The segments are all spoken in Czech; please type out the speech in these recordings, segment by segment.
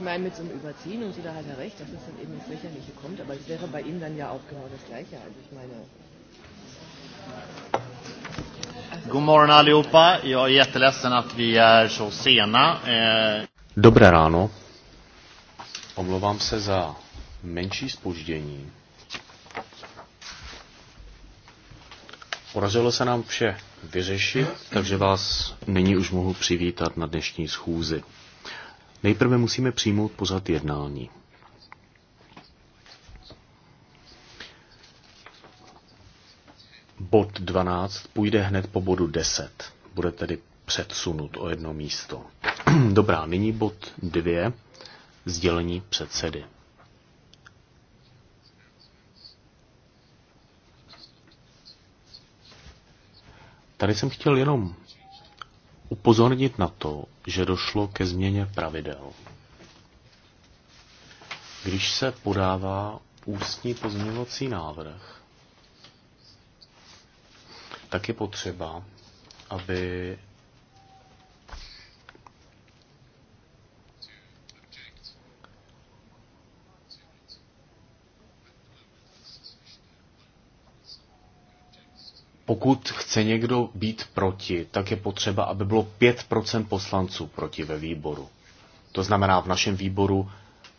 ich meine, mit so einem Überziehen und so, da hat er recht, dass es dann eben ins Lächerliche kommt, aber es wäre bei ihm dann ja auch genau das Gleiche. Also ich meine. Eh. Dobré ráno. Omlouvám se za menší spoždění. Podařilo se nám vše vyřešit, takže vás nyní už mohu přivítat na dnešní schůzi. Nejprve musíme přijmout pozad jednání. Bod 12 půjde hned po bodu 10. Bude tedy předsunut o jedno místo. Dobrá, nyní bod 2. Sdělení předsedy. Tady jsem chtěl jenom upozornit na to, že došlo ke změně pravidel. Když se podává ústní pozměňovací návrh, tak je potřeba, aby pokud chce někdo být proti, tak je potřeba, aby bylo 5% poslanců proti ve výboru. To znamená v našem výboru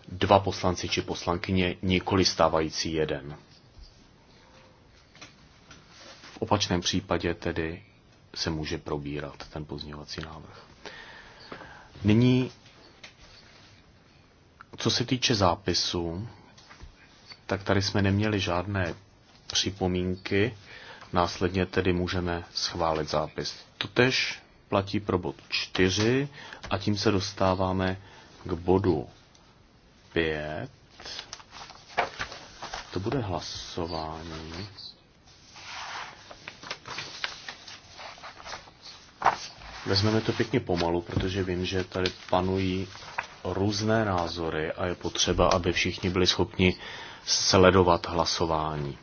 dva poslanci či poslankyně, nikoli stávající jeden. V opačném případě tedy se může probírat ten pozměňovací návrh. Nyní, co se týče zápisu, tak tady jsme neměli žádné připomínky. Následně tedy můžeme schválit zápis. Totež platí pro bod 4 a tím se dostáváme k bodu 5. To bude hlasování. Vezmeme to pěkně pomalu, protože vím, že tady panují různé názory a je potřeba, aby všichni byli schopni sledovat hlasování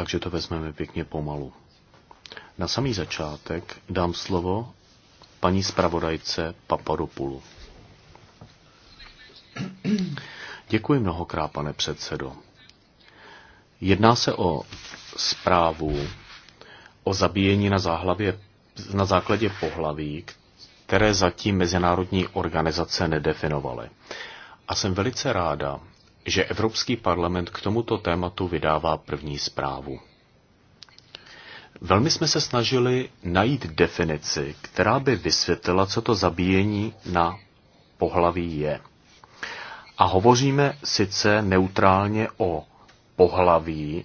takže to vezmeme pěkně pomalu. Na samý začátek dám slovo paní zpravodajce Papadopulu. Děkuji mnohokrát, pane předsedo. Jedná se o zprávu o zabíjení na, záhlavě, na základě pohlaví, které zatím mezinárodní organizace nedefinovaly. A jsem velice ráda, že Evropský parlament k tomuto tématu vydává první zprávu. Velmi jsme se snažili najít definici, která by vysvětlila, co to zabíjení na pohlaví je. A hovoříme sice neutrálně o pohlaví,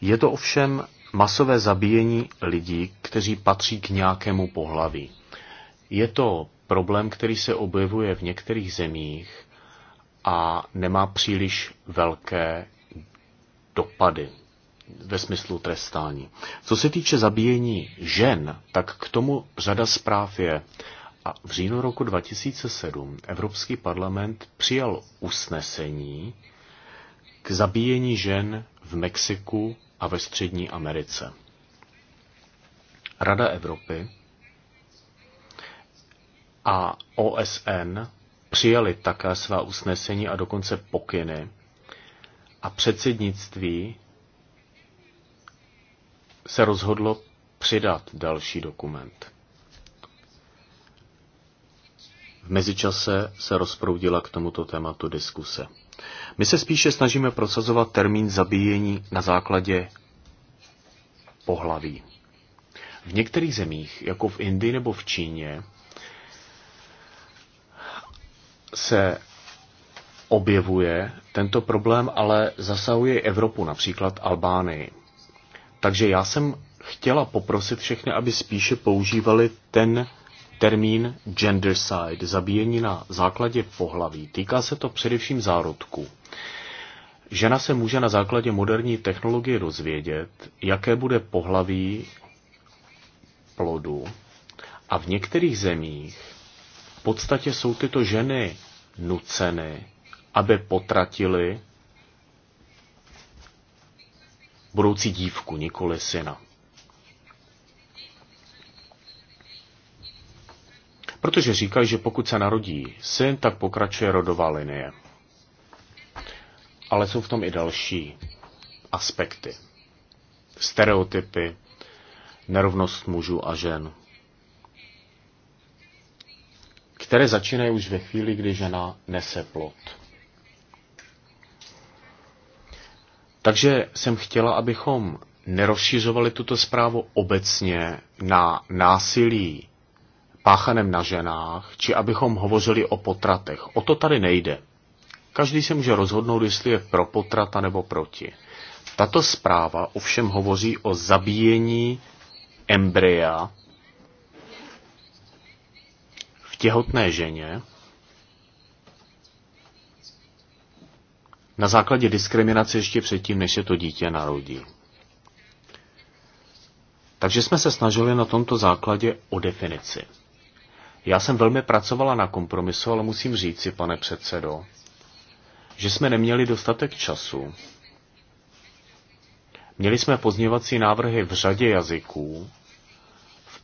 je to ovšem masové zabíjení lidí, kteří patří k nějakému pohlaví. Je to problém, který se objevuje v některých zemích a nemá příliš velké dopady ve smyslu trestání. Co se týče zabíjení žen, tak k tomu řada zpráv je. A v říjnu roku 2007 Evropský parlament přijal usnesení k zabíjení žen v Mexiku a ve Střední Americe. Rada Evropy a OSN přijali také svá usnesení a dokonce pokyny. A předsednictví se rozhodlo přidat další dokument. V mezičase se rozproudila k tomuto tématu diskuse. My se spíše snažíme prosazovat termín zabíjení na základě pohlaví. V některých zemích, jako v Indii nebo v Číně, se objevuje tento problém, ale zasahuje Evropu, například Albánii. Takže já jsem chtěla poprosit všechny, aby spíše používali ten termín gendercide, zabíjení na základě pohlaví. Týká se to především zárodku. Žena se může na základě moderní technologie dozvědět, jaké bude pohlaví plodu. A v některých zemích v podstatě jsou tyto ženy nuceny, aby potratili budoucí dívku, nikoli syna. Protože říkají, že pokud se narodí syn, tak pokračuje rodová linie. Ale jsou v tom i další aspekty. Stereotypy, nerovnost mužů a žen, které začínají už ve chvíli, kdy žena nese plod. Takže jsem chtěla, abychom nerozšířovali tuto zprávu obecně na násilí páchaném na ženách, či abychom hovořili o potratech. O to tady nejde. Každý se může rozhodnout, jestli je pro potrata nebo proti. Tato zpráva ovšem hovoří o zabíjení embrya těhotné ženě na základě diskriminace ještě předtím, než se to dítě narodí. Takže jsme se snažili na tomto základě o definici. Já jsem velmi pracovala na kompromisu, ale musím říci, pane předsedo, že jsme neměli dostatek času. Měli jsme pozněvací návrhy v řadě jazyků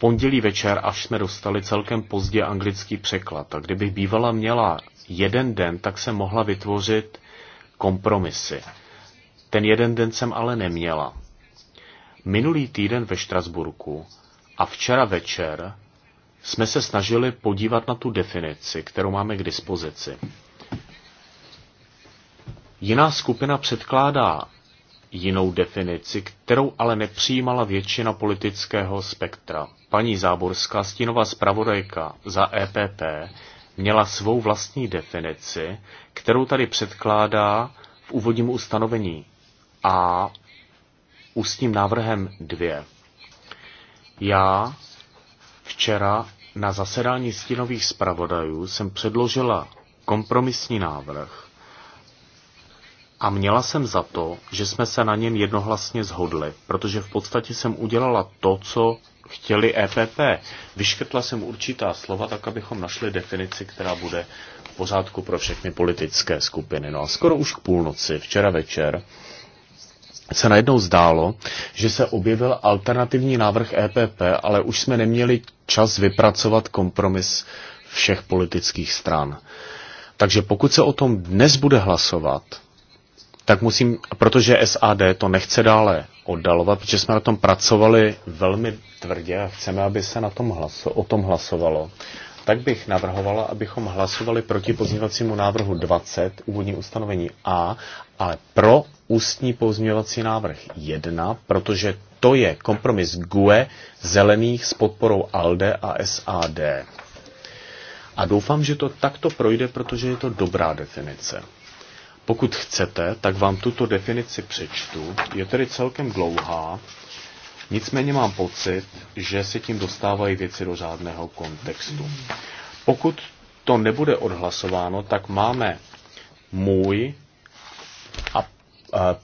pondělí večer, až jsme dostali celkem pozdě anglický překlad. A kdybych bývala měla jeden den, tak se mohla vytvořit kompromisy. Ten jeden den jsem ale neměla. Minulý týden ve Štrasburku a včera večer jsme se snažili podívat na tu definici, kterou máme k dispozici. Jiná skupina předkládá jinou definici, kterou ale nepřijímala většina politického spektra. Paní Záborská, stínová zpravodajka za EPP, měla svou vlastní definici, kterou tady předkládá v úvodním ustanovení a ústním návrhem 2. Já včera na zasedání stínových zpravodajů jsem předložila kompromisní návrh, a měla jsem za to, že jsme se na něm jednohlasně zhodli, protože v podstatě jsem udělala to, co chtěli EPP. Vyškrtla jsem určitá slova, tak abychom našli definici, která bude v pořádku pro všechny politické skupiny. No a skoro už k půlnoci, včera večer, se najednou zdálo, že se objevil alternativní návrh EPP, ale už jsme neměli čas vypracovat kompromis všech politických stran. Takže pokud se o tom dnes bude hlasovat, tak musím, protože SAD to nechce dále oddalovat, protože jsme na tom pracovali velmi tvrdě a chceme, aby se na tom hlaso, o tom hlasovalo, tak bych navrhovala, abychom hlasovali proti pozměňovacímu návrhu 20, úvodní ustanovení A, ale pro ústní pozměňovací návrh 1, protože to je kompromis GUE zelených s podporou ALDE a SAD. A doufám, že to takto projde, protože je to dobrá definice. Pokud chcete, tak vám tuto definici přečtu. Je tedy celkem dlouhá, nicméně mám pocit, že se tím dostávají věci do řádného kontextu. Pokud to nebude odhlasováno, tak máme můj a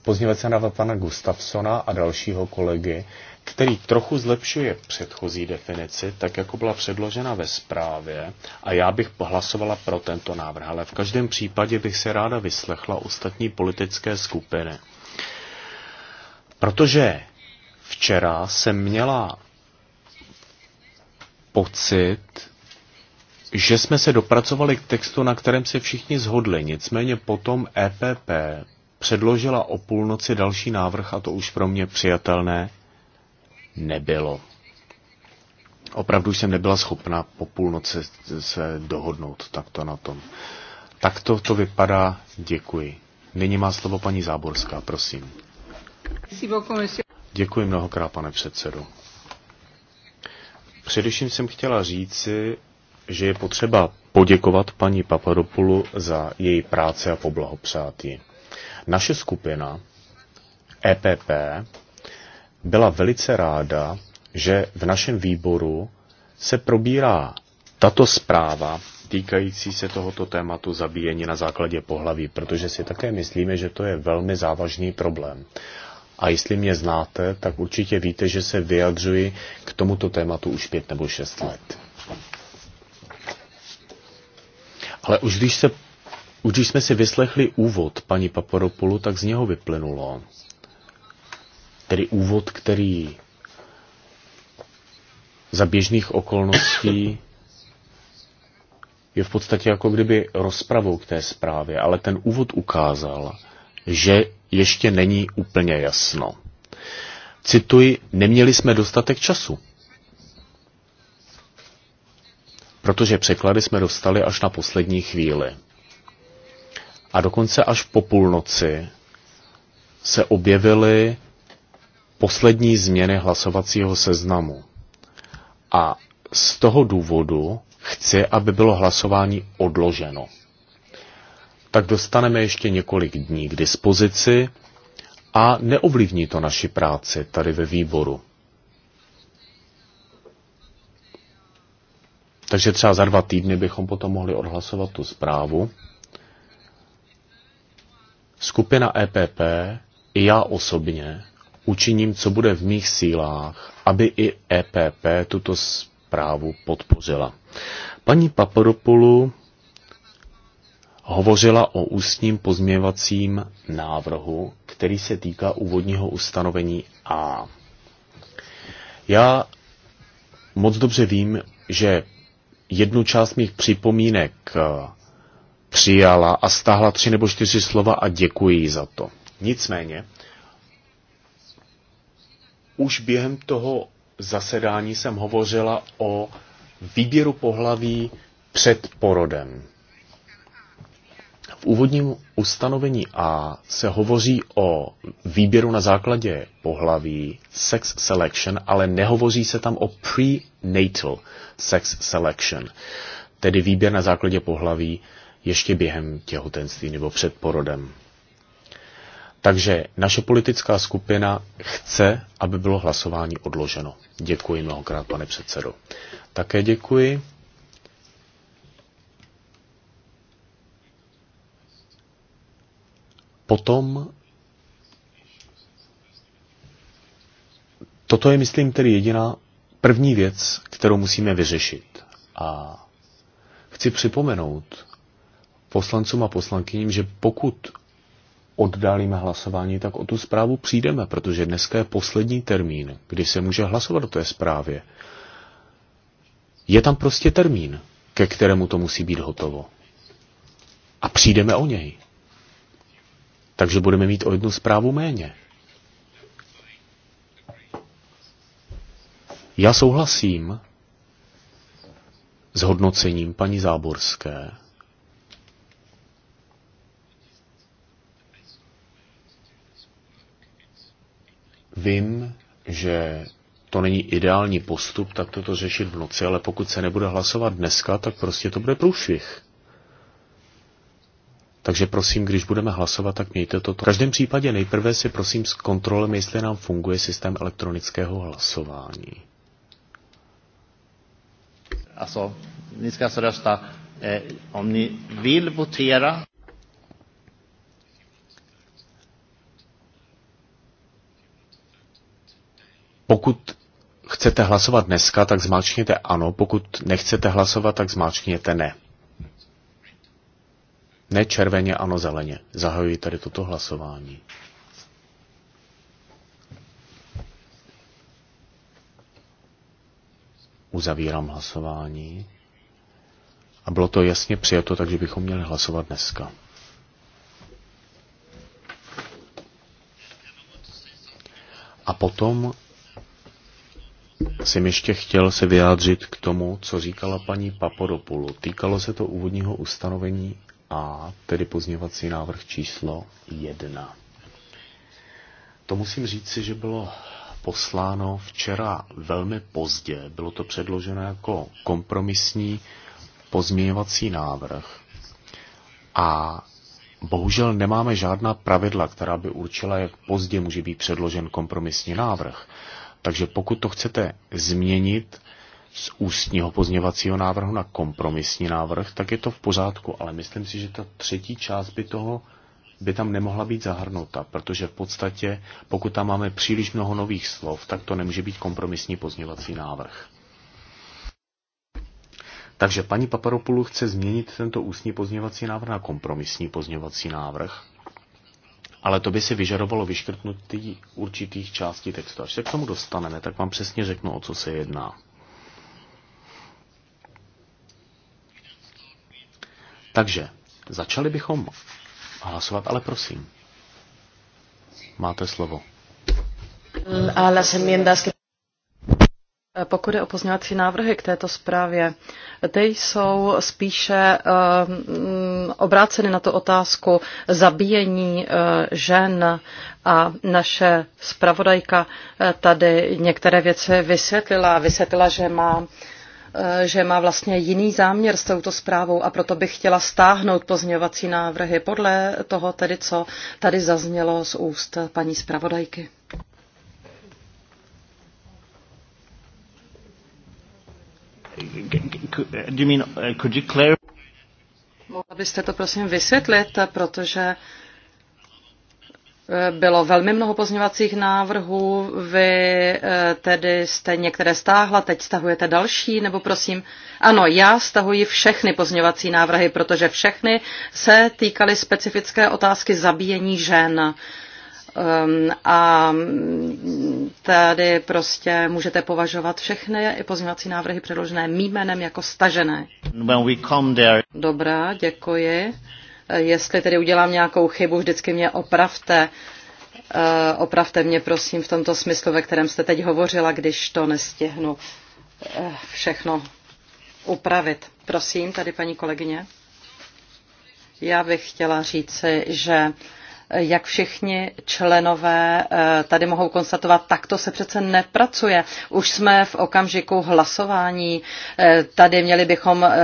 pozněvací návrh pana Gustafsona a dalšího kolegy, který trochu zlepšuje předchozí definici, tak jako byla předložena ve zprávě, a já bych hlasovala pro tento návrh, ale v každém případě bych se ráda vyslechla ostatní politické skupiny. Protože včera jsem měla pocit, že jsme se dopracovali k textu, na kterém se všichni zhodli, nicméně potom EPP předložila o půlnoci další návrh a to už pro mě přijatelné nebylo. Opravdu jsem nebyla schopna po půlnoci se dohodnout takto na tom. Tak to, to vypadá, děkuji. Nyní má slovo paní Záborská, prosím. Děkuji mnohokrát, pane předsedo. Především jsem chtěla říci, že je potřeba poděkovat paní Papadopulu za její práci a poblahopřát ji. Naše skupina EPP byla velice ráda, že v našem výboru se probírá tato zpráva týkající se tohoto tématu zabíjení na základě pohlaví, protože si také myslíme, že to je velmi závažný problém. A jestli mě znáte, tak určitě víte, že se vyjadřuji k tomuto tématu už pět nebo šest let. Ale už když, se, už když jsme si vyslechli úvod paní Paparopulu, tak z něho vyplynulo, tedy úvod, který za běžných okolností je v podstatě jako kdyby rozpravou k té zprávě, ale ten úvod ukázal, že ještě není úplně jasno. Cituji, neměli jsme dostatek času. Protože překlady jsme dostali až na poslední chvíli. A dokonce až po půlnoci se objevily poslední změny hlasovacího seznamu. A z toho důvodu chci, aby bylo hlasování odloženo. Tak dostaneme ještě několik dní k dispozici a neovlivní to naši práci tady ve výboru. Takže třeba za dva týdny bychom potom mohli odhlasovat tu zprávu. Skupina EPP i já osobně učiním, co bude v mých sílách, aby i EPP tuto zprávu podpořila. Paní Papadopoulou hovořila o ústním pozměvacím návrhu, který se týká úvodního ustanovení A. Já moc dobře vím, že jednu část mých připomínek eh, přijala a stáhla tři nebo čtyři slova a děkuji za to. Nicméně, už během toho zasedání jsem hovořila o výběru pohlaví před porodem. V úvodním ustanovení A se hovoří o výběru na základě pohlaví, sex selection, ale nehovoří se tam o prenatal sex selection, tedy výběr na základě pohlaví ještě během těhotenství nebo před porodem. Takže naše politická skupina chce, aby bylo hlasování odloženo. Děkuji mnohokrát, pane předsedo. Také děkuji. Potom toto je, myslím, tedy jediná první věc, kterou musíme vyřešit. A chci připomenout poslancům a poslankyním, že pokud oddálíme hlasování, tak o tu zprávu přijdeme, protože dneska je poslední termín, kdy se může hlasovat o té zprávě. Je tam prostě termín, ke kterému to musí být hotovo. A přijdeme o něj. Takže budeme mít o jednu zprávu méně. Já souhlasím s hodnocením paní Záborské, Vím, že to není ideální postup, tak toto řešit v noci, ale pokud se nebude hlasovat dneska, tak prostě to bude průšvih. Takže prosím, když budeme hlasovat, tak mějte toto. V každém případě nejprve si prosím s kontrolem, jestli nám funguje systém elektronického hlasování. Aso, dneska se dostá, eh, om ni vill votera. Pokud chcete hlasovat dneska, tak zmáčkněte ano, pokud nechcete hlasovat, tak zmáčkněte ne. Ne červeně, ano zeleně. Zahajuji tady toto hlasování. Uzavírám hlasování. A bylo to jasně přijato, takže bychom měli hlasovat dneska. A potom jsem ještě chtěl se vyjádřit k tomu, co říkala paní Papodopulu. Týkalo se to úvodního ustanovení a tedy pozněvací návrh číslo 1. To musím říci, že bylo posláno včera velmi pozdě. Bylo to předloženo jako kompromisní pozměňovací návrh. A bohužel nemáme žádná pravidla, která by určila, jak pozdě může být předložen kompromisní návrh. Takže pokud to chcete změnit z ústního pozněvacího návrhu na kompromisní návrh, tak je to v pořádku, ale myslím si, že ta třetí část by toho by tam nemohla být zahrnuta, protože v podstatě, pokud tam máme příliš mnoho nových slov, tak to nemůže být kompromisní pozněvací návrh. Takže paní Paparopulu chce změnit tento ústní pozněvací návrh na kompromisní pozněvací návrh ale to by si vyžadovalo vyškrtnutí určitých částí textu. Až se k tomu dostaneme, tak vám přesně řeknu, o co se jedná. Takže, začali bychom hlasovat, ale prosím. Máte slovo. A las enmiendas pokud je o pozměňovací návrhy k této zprávě, ty jsou spíše eh, obráceny na tu otázku zabíjení eh, žen a naše zpravodajka eh, tady některé věci vysvětlila. Vysvětlila, že má eh, že má vlastně jiný záměr s touto zprávou a proto bych chtěla stáhnout pozměňovací návrhy podle toho tedy, co tady zaznělo z úst paní zpravodajky. Mohla byste to prosím vysvětlit, protože eh, bylo velmi mnoho pozměňovacích návrhů, vy eh, tedy jste některé stáhla, teď stahujete další, nebo prosím, ano, já stahuji všechny pozměňovací návrhy, protože všechny se týkaly specifické otázky zabíjení žen. Um, a tady prostě můžete považovat všechny i pozměňovací návrhy předložené mým jménem jako stažené. There... Dobrá, děkuji. Jestli tedy udělám nějakou chybu, vždycky mě opravte. Uh, opravte mě, prosím, v tomto smyslu, ve kterém jste teď hovořila, když to nestihnu uh, všechno upravit. Prosím, tady paní kolegyně. Já bych chtěla říci, že jak všichni členové eh, tady mohou konstatovat, tak to se přece nepracuje. Už jsme v okamžiku hlasování. Eh, tady měli bychom eh,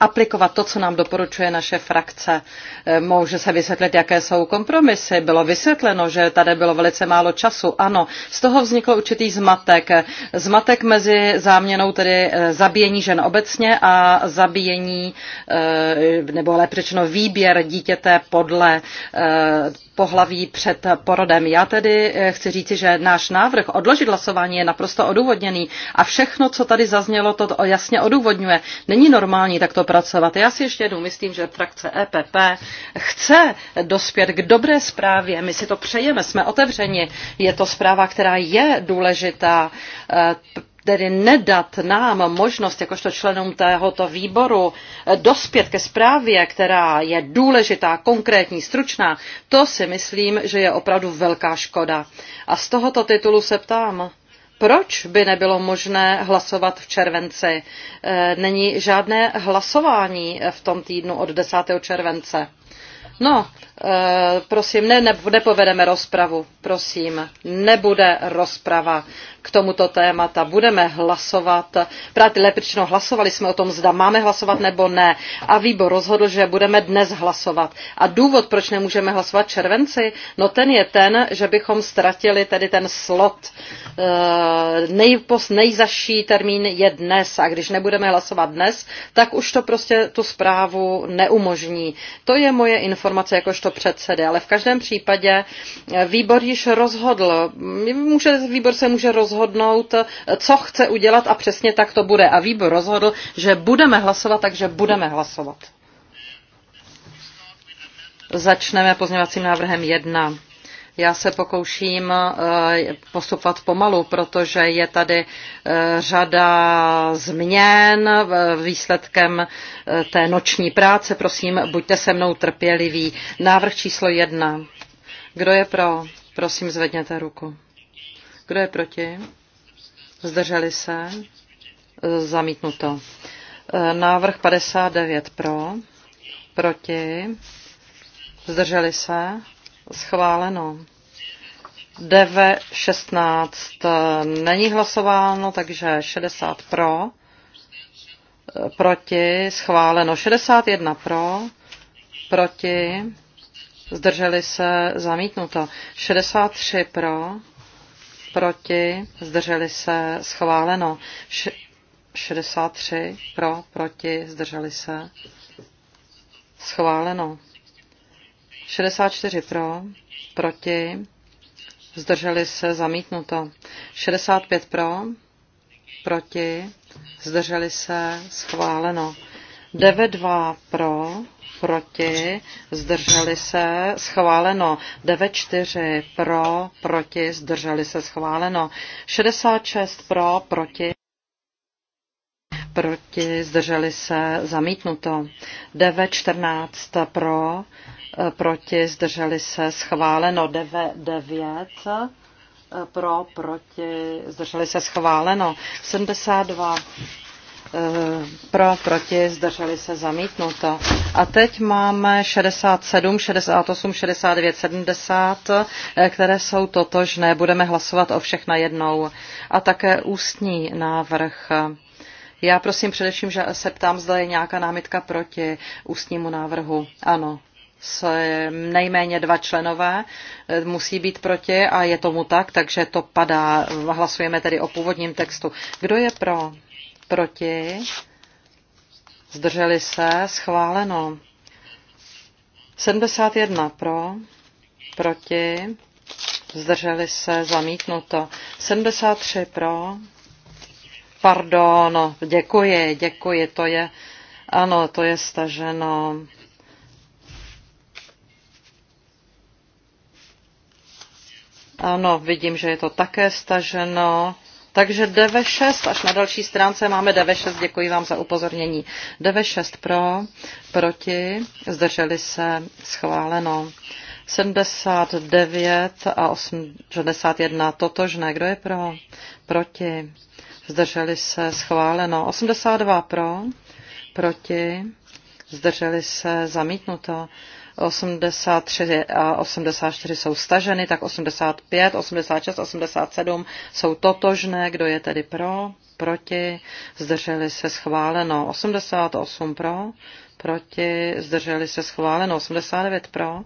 aplikovat to, co nám doporučuje naše frakce. Eh, Může se vysvětlit, jaké jsou kompromisy. Bylo vysvětleno, že tady bylo velice málo času. Ano, z toho vznikl určitý zmatek. Zmatek mezi záměnou tedy eh, zabíjení žen obecně a zabíjení, eh, nebo lépe řečeno výběr dítěte podle pohlaví před porodem. Já tedy chci říci, že náš návrh odložit hlasování je naprosto odůvodněný a všechno, co tady zaznělo, to jasně odůvodňuje. Není normální takto dopracovat. Já si ještě jednou myslím, že frakce EPP chce dospět k dobré zprávě. My si to přejeme, jsme otevřeni. Je to zpráva, která je důležitá eh, tedy nedat nám možnost, jakožto členům tohoto výboru, eh, dospět ke zprávě, která je důležitá, konkrétní, stručná, to si myslím, že je opravdu velká škoda. A z tohoto titulu se ptám, proč by nebylo možné hlasovat v červenci? Eh, není žádné hlasování v tom týdnu od 10. července. No, Eh, prosím, ne, ne, nepovedeme rozpravu, prosím, nebude rozprava k tomuto témata. Budeme hlasovat, právě lepřično hlasovali jsme o tom, zda máme hlasovat nebo ne. A výbor rozhodl, že budeme dnes hlasovat. A důvod, proč nemůžeme hlasovat červenci, no ten je ten, že bychom ztratili tedy ten slot. Eh, nejpos, nejzaší termín je dnes a když nebudeme hlasovat dnes, tak už to prostě tu zprávu neumožní. To je moje informace jakožto předsedy, ale v každém případě eh, výbor již rozhodl. Může, výbor se může rozhodnout, eh, co chce udělat a přesně tak to bude. A výbor rozhodl, že budeme hlasovat, takže budeme hlasovat. Začneme pozměvacím návrhem 1. Já se pokouším eh, postupovat pomalu, protože je tady eh, řada změn výsledkem eh, té noční práce. Prosím, buďte se mnou trpěliví. Návrh číslo jedna. Kdo je pro? Prosím, zvedněte ruku. Kdo je proti? Zdrželi se? Zamítnuto. Návrh 59 pro, proti, zdrželi se, Schváleno. DV16 eh, není hlasováno, takže 60 pro, eh, proti, schváleno 61 pro, proti, zdrželi se, zamítnuto 63 pro, proti, zdrželi se, schváleno 63 pro, proti, zdrželi se, schváleno. 64 pro, proti, zdrželi se, zamítnuto. 65 pro, proti, zdrželi se, schváleno. 9-2 pro, proti, zdrželi se, schváleno. 9-4 pro, proti, zdrželi se, schváleno. 66 pro, proti, proti, zdrželi se, zamítnuto. 9-14 pro, proti, zdrželi se schváleno 9, pro, proti, zdrželi se schváleno 72, eh, pro, proti, zdrželi se zamítnuto. A teď máme 67, 68, 69, 70, které jsou totožné. Budeme hlasovat o všech najednou. A také ústní návrh. Já prosím především, že se ptám, zda je nějaká námitka proti ústnímu návrhu. Ano, se nejméně dva členové eh, musí být proti a je tomu tak, takže to padá. Hlasujeme tedy o původním textu. Kdo je pro? Proti? Zdrželi se? Schváleno. 71 pro? Proti? Zdrželi se? Zamítnuto. 73 pro? Pardon, děkuji, děkuji, to je, ano, to je staženo. Ano, vidím, že je to také staženo. Takže DV6, až na další stránce máme DV6, děkuji vám za upozornění. DV6 pro, proti, zdrželi se, schváleno. 79 a 81 totožné, kdo je pro, proti, zdrželi se, schváleno. 82 pro, proti, zdrželi se, zamítnuto. 83 a 84 jsou staženy, tak 85, 86, 87 jsou totožné. Kdo je tedy pro? Proti? Zdrželi se schváleno. 88 pro? Proti? Zdrželi se schváleno. 89 pro?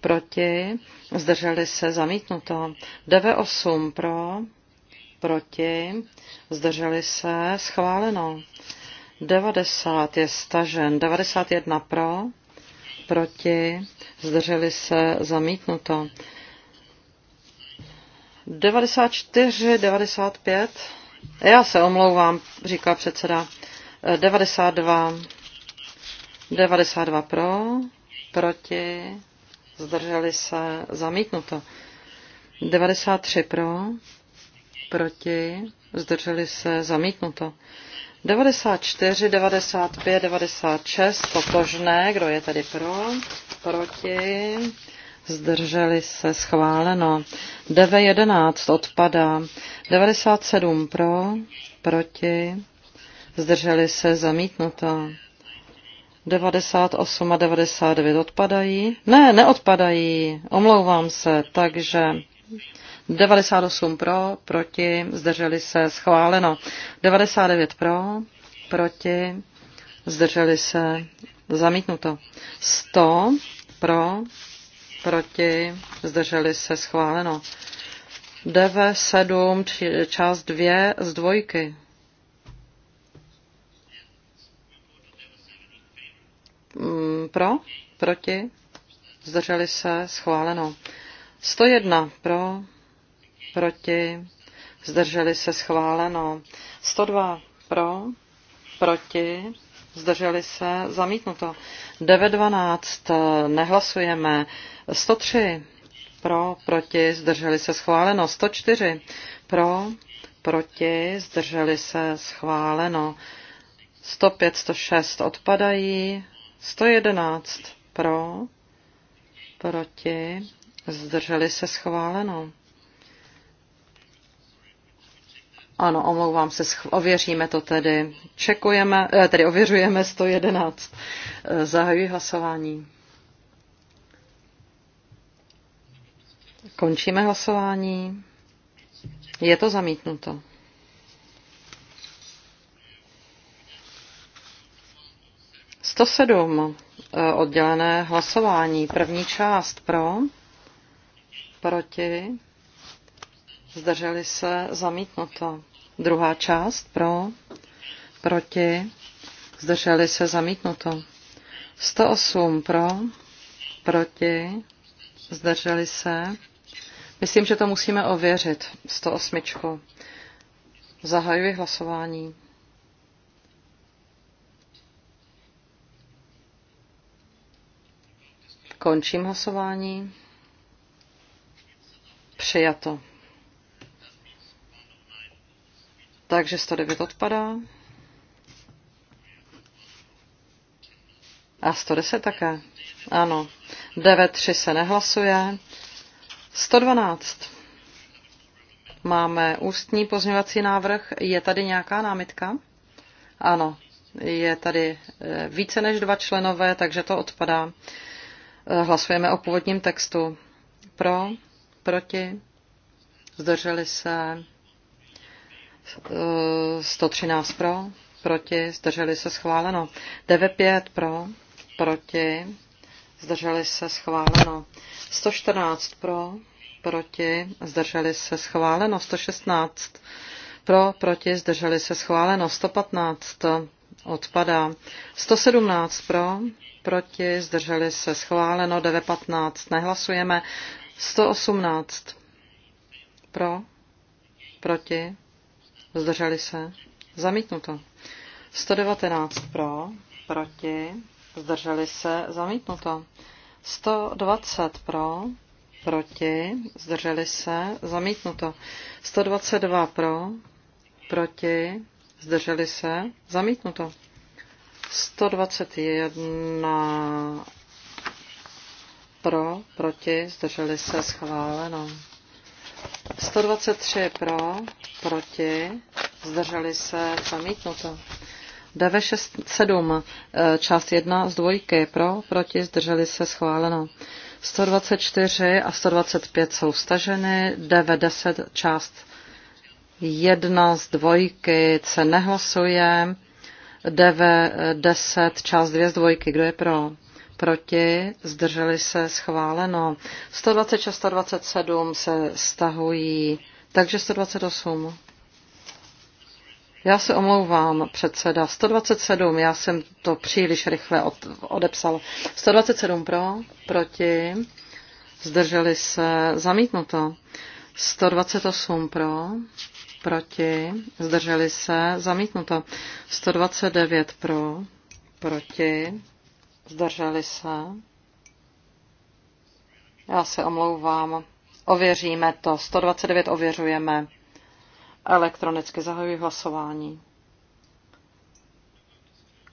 Proti? Zdrželi se zamítnuto. 98 pro? Proti? Zdrželi se schváleno. 90 je stažen. 91 pro? proti, zdrželi se, zamítnuto. 94, 95, já se omlouvám, říká předseda, 92, 92 pro, proti, zdrželi se, zamítnuto. 93 pro, proti, zdrželi se, zamítnuto. 94, 95, 96, totožné, kdo je tedy pro, proti, zdrželi se, schváleno. DV11 odpadá, 97 pro, proti, zdrželi se, zamítnuto. 98 a 99 odpadají? Ne, neodpadají, omlouvám se, takže 98 pro, proti, zdrželi se, schváleno. 99 pro, proti, zdrželi se, zamítnuto. 100 pro, proti, zdrželi se, schváleno. 9, 7 část 2 z dvojky. Mm, pro, proti, zdrželi se, schváleno. 101 pro, proti, zdrželi se schváleno. 102 pro, proti, zdrželi se zamítnuto. 912 nehlasujeme. 103 pro, proti, zdrželi se schváleno. 104 pro, proti, zdrželi se schváleno. 105, 106 odpadají. 111 pro, proti, Zdrželi se schváleno. Ano, omlouvám se, ověříme to tedy. Čekujeme, eh, tedy ověřujeme 111. Eh, zahajuji hlasování. Končíme hlasování. Je to zamítnuto. Sto sedm eh, oddělené hlasování. První část pro proti, zdrželi se, zamítnuto. Druhá část pro, proti, zdrželi se, zamítnuto. 108 pro, proti, zdrželi se. Myslím, že to musíme ověřit, 108. Zahajuji hlasování. Končím hlasování. Přijato. Takže 109 odpadá. A 110 také. Ano. 9.3 se nehlasuje. 112. Máme ústní pozměňovací návrh. Je tady nějaká námitka? Ano. Je tady eh, více než dva členové, takže to odpadá. Eh, hlasujeme o původním textu. Pro, proti, zdrželi se 113 eh, pro, proti, zdrželi se schváleno. 95 pro, proti, zdrželi se schváleno. 114 pro, proti, zdrželi se schváleno. 116 pro, proti, zdrželi se schváleno. 115 odpadá. 117 pro, proti, zdrželi se schváleno. 915 nehlasujeme. 118. Pro, proti, zdrželi se, zamítnuto. 119 pro, proti, zdrželi se, zamítnuto. 120 pro, proti, zdrželi se, zamítnuto. 122 pro, proti, zdrželi se, zamítnuto. 121 pro, proti, zdrželi se, schváleno. 123 pro, proti, zdrželi se, zamítnuto. DV7, eh, část 1 z dvojky, pro, proti, zdrželi se, schváleno. 124 a 125 jsou staženy, DV10 část 1 z dvojky se nehlasuje, DV10 část 2 z dvojky, kdo je pro, proti, zdrželi se, schváleno. 126, 127 se stahují, takže 128. Já se omlouvám, předseda. 127, já jsem to příliš rychle od, odepsal. 127 pro, proti, zdrželi se, zamítnuto. 128 pro, proti, zdrželi se, zamítnuto. 129 pro, proti, Zdrželi se? Já se omlouvám. Ověříme to. 129 ověřujeme. Elektronicky zahajuji hlasování.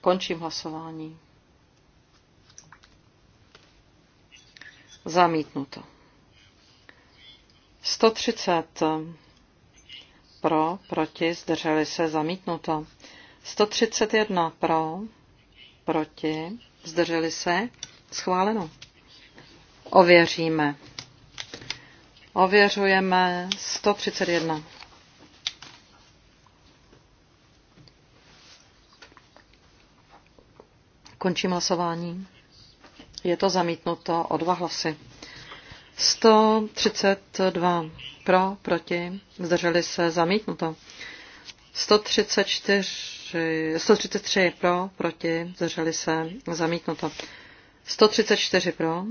Končím hlasování. Zamítnuto. 130 pro, proti, zdrželi se, zamítnuto. 131 pro, proti, zdrželi se, schváleno. Ověříme. Ověřujeme 131. Končím hlasování. Je to zamítnuto o dva hlasy. 132 pro, proti, zdrželi se, zamítnuto. 134 133 pro, proti, zdrželi se, zamítnuto. 134 pro,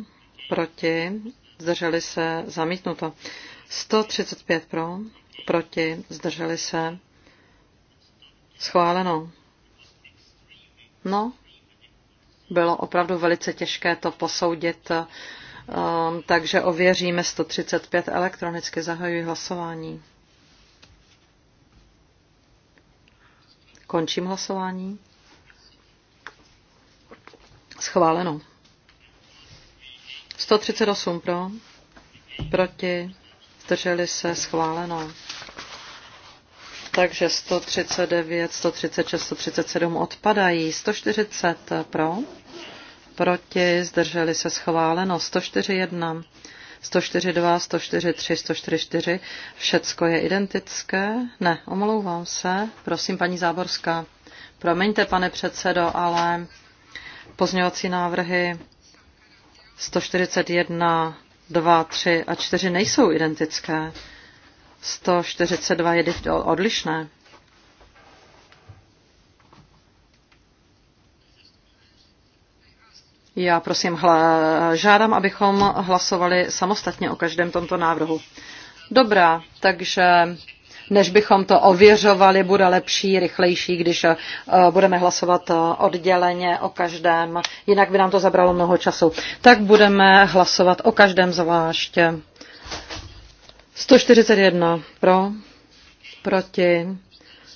proti, zdrželi se, zamítnuto. 135 pro, proti, zdrželi se, schváleno. No, bylo opravdu velice těžké to posoudit, um, takže ověříme 135 elektronicky, zahajuji hlasování. Končím hlasování. Schváleno. 138 pro, proti, zdrželi se, schváleno. Takže 139, 136, 137 odpadají. 140 pro, proti, zdrželi se, schváleno. 141 104.2, 104.3, 104.4, všecko je identické. Ne, omlouvám se. Prosím, paní Záborská. Promiňte, pane předsedo, ale pozňovací návrhy 141, 2, 3 a 4 nejsou identické. 142 je odlišné. Já prosím, hla, žádám, abychom hlasovali samostatně o každém tomto návrhu. Dobrá, takže než bychom to ověřovali, bude lepší, rychlejší, když eh, budeme hlasovat eh, odděleně o každém. Jinak by nám to zabralo mnoho času. Tak budeme hlasovat o každém zvlášť. 141 pro, proti,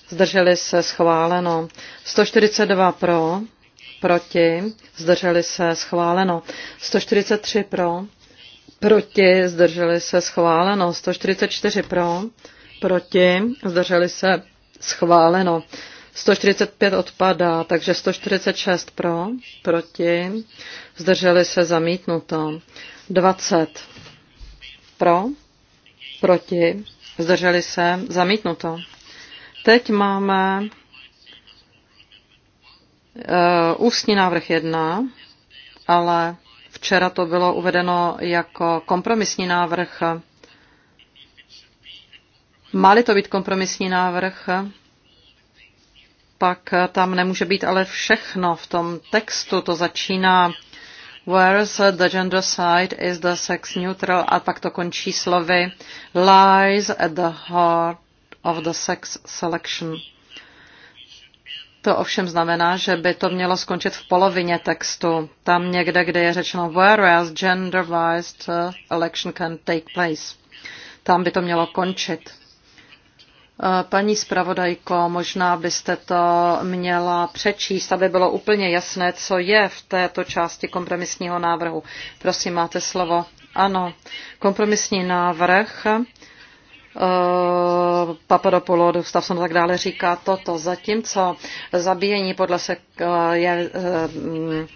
zdrželi se schváleno. 142 pro, proti, zdrželi se, schváleno. 143 pro, proti, zdrželi se, schváleno. 144 pro, proti, zdrželi se, schváleno. 145 odpadá, takže 146 pro, proti, zdrželi se, zamítnuto. 20 pro, proti, zdrželi se, zamítnuto. Teď máme Eh, ústní návrh jedna, ale včera to bylo uvedeno jako kompromisní návrh. Máli to být kompromisní návrh, pak tam nemůže být ale všechno v tom textu. To začíná whereas the gender side is the sex neutral a pak to končí slovy lies at the heart of the sex selection. To ovšem znamená, že by to mělo skončit v polovině textu, tam někde, kde je řečeno whereas gender wise election can take place. Tam by to mělo končit. Eh, paní zpravodajko, možná byste to měla přečíst, aby bylo úplně jasné, co je v této části kompromisního návrhu. Prosím, máte slovo. Ano, kompromisní návrh Eh, Papadopoulos Gustafsson a tak dále říká toto. Zatímco zabíjení podle se eh, je eh,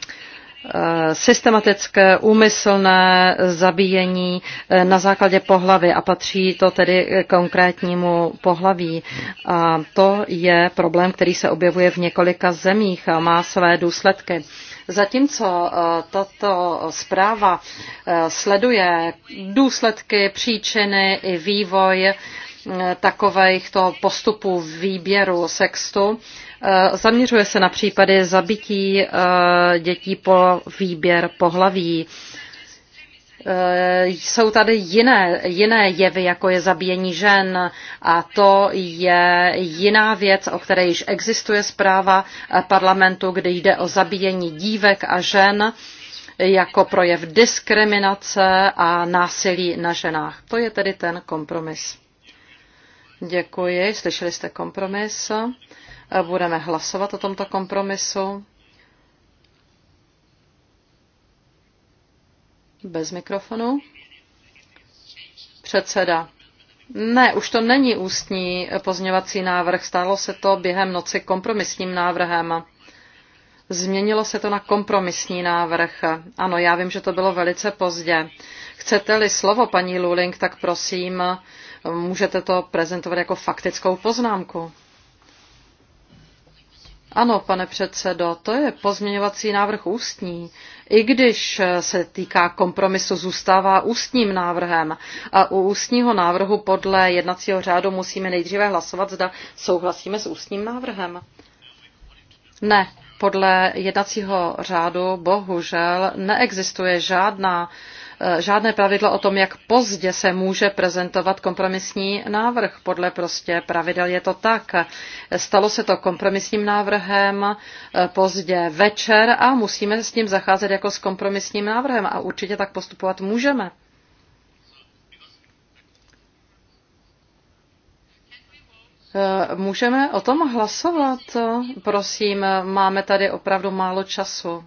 Eh, systematické úmyslné zabíjení eh, na základě pohlavy a patří to tedy konkrétnímu pohlaví. A to je problém, který se objevuje v několika zemích a má své důsledky. Zatímco eh, tato zpráva sleduje důsledky, příčiny i vývoj takovýchto postupů výběru sextu, Eh, zaměřuje se na případy zabití eh, dětí po výběr pohlaví. Eh, jsou tady jiné, jiné jevy, jako je zabíjení žen a to je jiná věc, o které již existuje zpráva parlamentu, kde jde o zabíjení dívek a žen jako projev diskriminace a násilí na ženách. To je tedy ten kompromis. Děkuji, slyšeli jste kompromis budeme hlasovat o tomto kompromisu. Bez mikrofonu. Předseda. Ne, už to není ústní pozměvací návrh. Stálo se to během noci kompromisním návrhem. Změnilo se to na kompromisní návrh. Ano, já vím, že to bylo velice pozdě. Chcete-li slovo, paní Luling, tak prosím, můžete to prezentovat jako faktickou poznámku. Ano, pane předsedo, to je pozměňovací návrh ústní. I když se týká kompromisu, zůstává ústním návrhem. A u ústního návrhu podle jednacího řádu musíme nejdříve hlasovat, zda souhlasíme s ústním návrhem. Ne, podle jednacího řádu bohužel neexistuje žádná, eh, žádné pravidlo o tom, jak pozdě se může prezentovat kompromisní návrh. Podle prostě pravidel je to tak. Stalo se to kompromisním návrhem eh, pozdě večer a musíme s ním zacházet jako s kompromisním návrhem a určitě tak postupovat můžeme. Eh, můžeme o tom hlasovat? Prosím, máme tady opravdu málo času.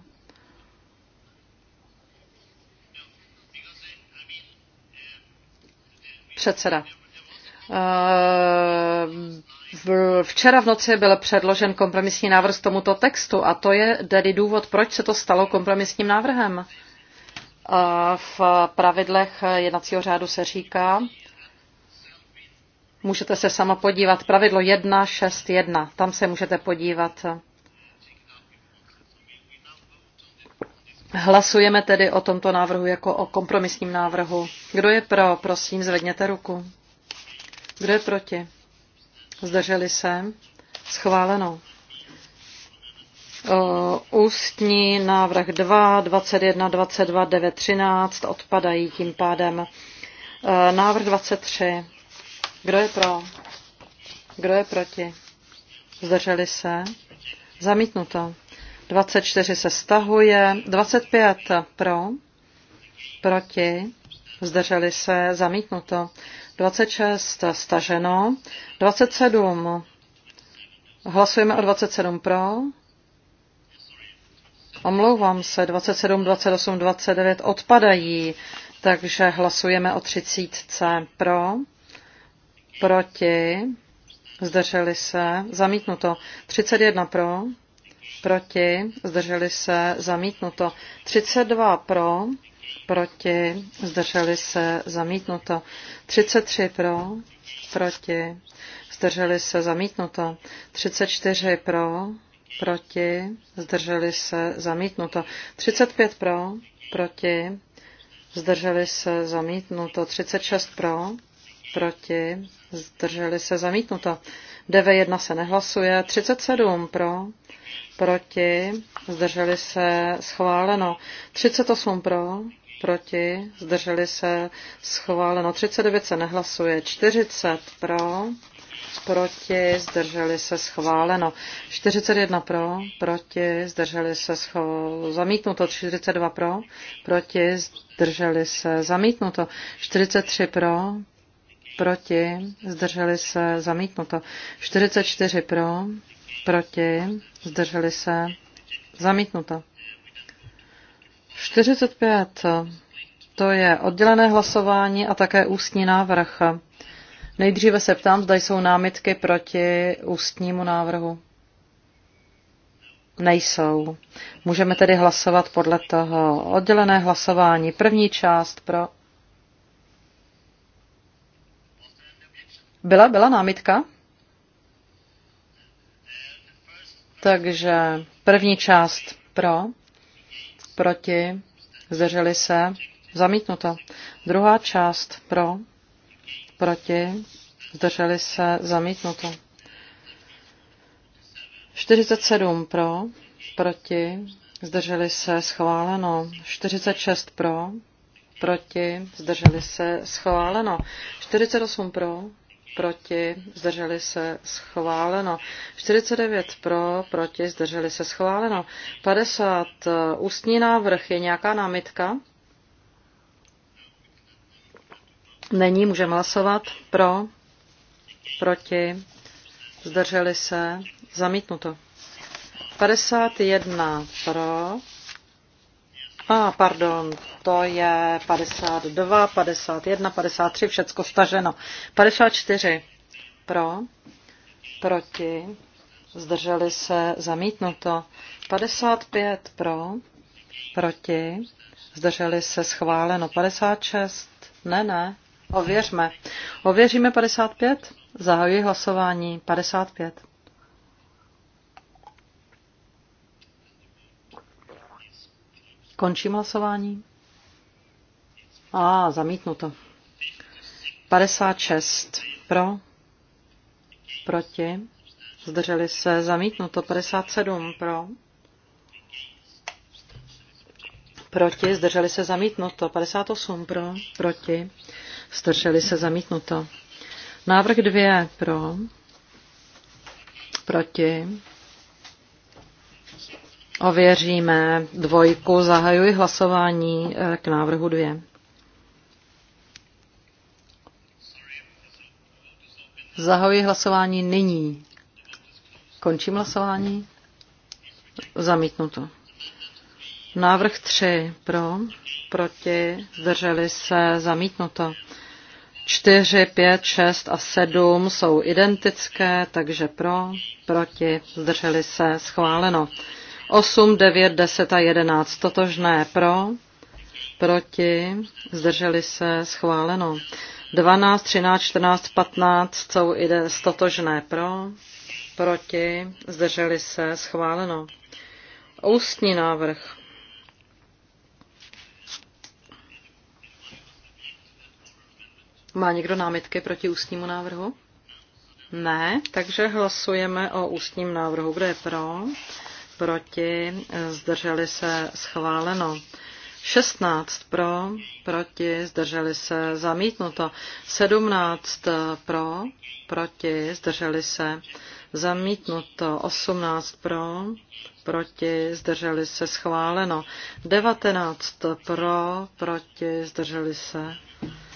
Předseda. Eh, včera v noci byl předložen kompromisní návrh k tomuto textu a to je tedy důvod, proč se to stalo kompromisním návrhem. Eh, v pravidlech jednacího řádu se říká, Můžete se sama podívat. Pravidlo 161. Tam se můžete podívat. Hlasujeme tedy o tomto návrhu jako o kompromisním návrhu. Kdo je pro, prosím, zvedněte ruku. Kdo je proti? Zdrželi se? Schváleno. Ústní návrh 2, 21, 22, 9, 13 odpadají tím pádem. Návrh 23. Kdo je pro? Kdo je proti? Zdrželi se? Zamítnuto. 24 se stahuje. 25 pro? Proti? Zdrželi se? Zamítnuto. 26 staženo. 27. Hlasujeme o 27 pro. Omlouvám se, 27, 28, 29 odpadají, takže hlasujeme o 30 pro proti, zdrželi se, zamítnuto. 31 pro, proti, zdrželi se, zamítnuto. 32 pro, proti, zdrželi se, zamítnuto. 33 pro, proti, zdrželi se, zamítnuto. 34 pro, proti, zdrželi se, zamítnuto. 35 pro, proti, zdrželi se, zamítnuto. 36 pro, proti, zdrželi se zamítnuto. 9.1 se nehlasuje, 37 pro, proti, zdrželi se schváleno, 38 pro, proti, zdrželi se schváleno, 39 se nehlasuje, 40 pro, proti, zdrželi se schváleno. 41 pro, proti, zdrželi se scho- zamítnuto. 42 pro, proti, zdrželi se zamítnuto. 43 pro, proti, zdrželi se, zamítnuto. 44 pro, proti, zdrželi se, zamítnuto. 45. To je oddělené hlasování a také ústní návrh. Nejdříve se ptám, zda jsou námitky proti ústnímu návrhu. Nejsou. Můžeme tedy hlasovat podle toho oddělené hlasování. První část pro Byla, byla námitka? Takže první část pro, proti, zdrželi se, zamítnuto. Druhá část pro, proti, zdrželi se, zamítnuto. 47 pro, proti, zdrželi se, schváleno. 46 pro, proti, zdrželi se, schváleno. 48 pro, proti, zdrželi se schváleno. 49 pro, proti, zdrželi se schváleno. 50 eh, ústní návrh, je nějaká námitka? Není, můžeme hlasovat pro, proti, zdrželi se, zamítnuto. 51 pro, ah, pardon, to je 52, 51, 53, všecko staženo. 54 pro, proti, zdrželi se, zamítnuto. 55 pro, proti, zdrželi se, schváleno. 56, ne, ne, ověřme. Ověříme 55, zahajuji hlasování 55. Končím hlasování. A, ah, zamítnuto. 56 pro, proti, zdrželi se, zamítnuto. 57 pro, proti, zdrželi se, zamítnuto. 58 pro, proti, zdrželi se, zamítnuto. Návrh 2 pro, proti, Ověříme dvojku, zahajuji hlasování eh, k návrhu dvě. Zahajuji hlasování nyní. Končím hlasování. Zamítnuto. Návrh 3 pro, proti, zdrželi se, zamítnuto. 4, 5, 6 a 7 jsou identické, takže pro, proti, zdrželi se, schváleno. 8, 9, 10 a 11 totožné pro, proti, zdrželi se, schváleno. 12, 13, 14, 15 jsou ide stotožné pro, proti, zdrželi se, schváleno. Ústní návrh. Má někdo námitky proti ústnímu návrhu? Ne, takže hlasujeme o ústním návrhu. Kdo je pro? proti, zdrželi se schváleno. 16 pro, proti, zdrželi se zamítnuto. 17 pro, proti, zdrželi se zamítnuto. 18 pro, proti, zdrželi se schváleno. 19 pro, proti, zdrželi se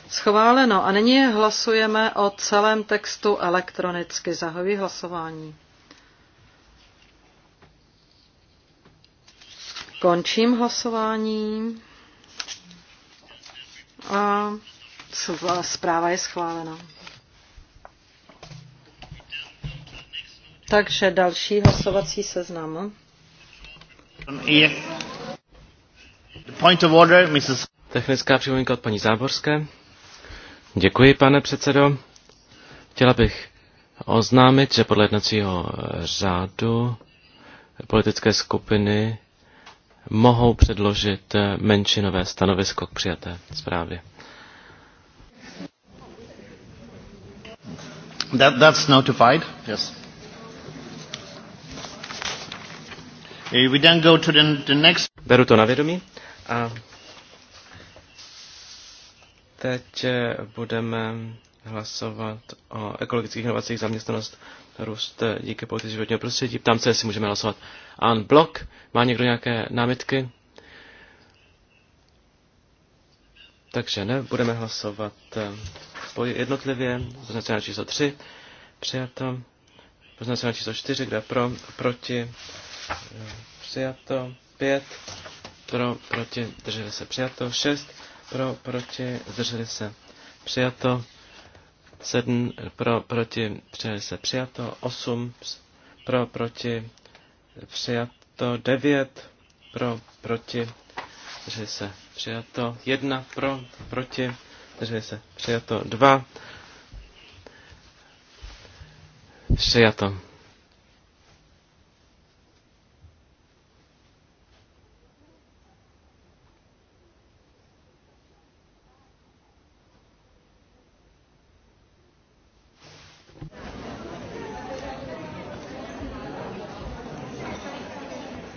schváleno. A nyní hlasujeme o celém textu elektronicky. Zahoví hlasování. Končím hlasování. A zpráva je schválena. Takže další hlasovací seznam. Point of order, Mrs. Technická připomínka od paní Záborské. Děkuji, pane předsedo. Chtěla bych oznámit, že podle jednacího řádu politické skupiny mohou předložit eh, menšinové stanovisko k přijaté zprávě. That, that's notified, yes. Eh, we then go to the, the next... Beru to na vědomí. A teď eh, budeme hlasovat o ekologických inovacích zaměstnanost růst eh, díky politice životního prostředí. Ptám se, jestli můžeme hlasovat an blok. Má někdo nějaké námitky? Takže ne, budeme hlasovat eh, po jednotlivě. Poznacená číslo 3 přijato. Poznacená číslo 4, kde pro, proti, eh, přijato. 5, pro, proti, drželi se přijato. 6, pro, proti, zdrželi se přijato sedm pro, proti se přijato, osm pro, proti přijato, devět pro, proti že se přijato, jedna pro, proti že se přijato, dva přijato.